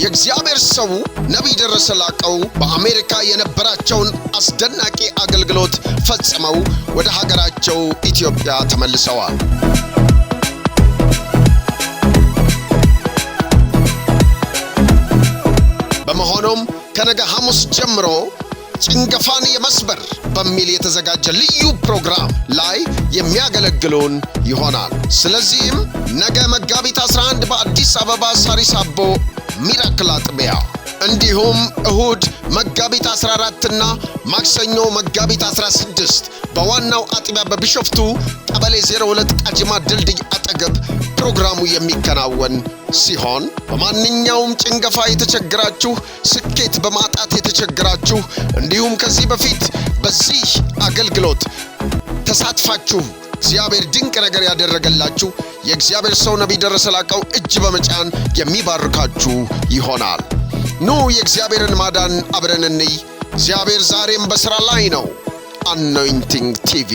የእግዚአብሔር ሰው ነቢይ ደረሰ ላቀው በአሜሪካ የነበራቸውን አስደናቂ አገልግሎት ፈጽመው ወደ ሀገራቸው ኢትዮጵያ ተመልሰዋል። በመሆኑም ከነገ ሐሙስ ጀምሮ ጭንገፋን የመስበር በሚል የተዘጋጀ ልዩ ፕሮግራም ላይ የሚያገለግሉን ይሆናል። ስለዚህም ነገ መጋቢት 11 በአዲስ አበባ ሳሪስ አቦ ሚራክል አጥቢያ እንዲሁም እሁድ መጋቢት 14ና ማክሰኞ መጋቢት 16 በዋናው አጥቢያ በቢሾፍቱ ቀበሌ 02 ቃጂማ ድልድይ አጠገብ ፕሮግራሙ የሚከናወን ሲሆን በማንኛውም ጭንገፋ የተቸግራችሁ፣ ስኬት በማጣት የተቸግራችሁ እንዲሁም ከዚህ በፊት በዚህ አገልግሎት ተሳትፋችሁ እግዚአብሔር ድንቅ ነገር ያደረገላችሁ የእግዚአብሔር ሰው ነቢይ ደረሰ ላቀው እጅ በመጫን የሚባርካችሁ ይሆናል። ኑ የእግዚአብሔርን ማዳን አብረን እንይ። እግዚአብሔር ዛሬም በሥራ ላይ ነው። አኖይንቲንግ ቲቪ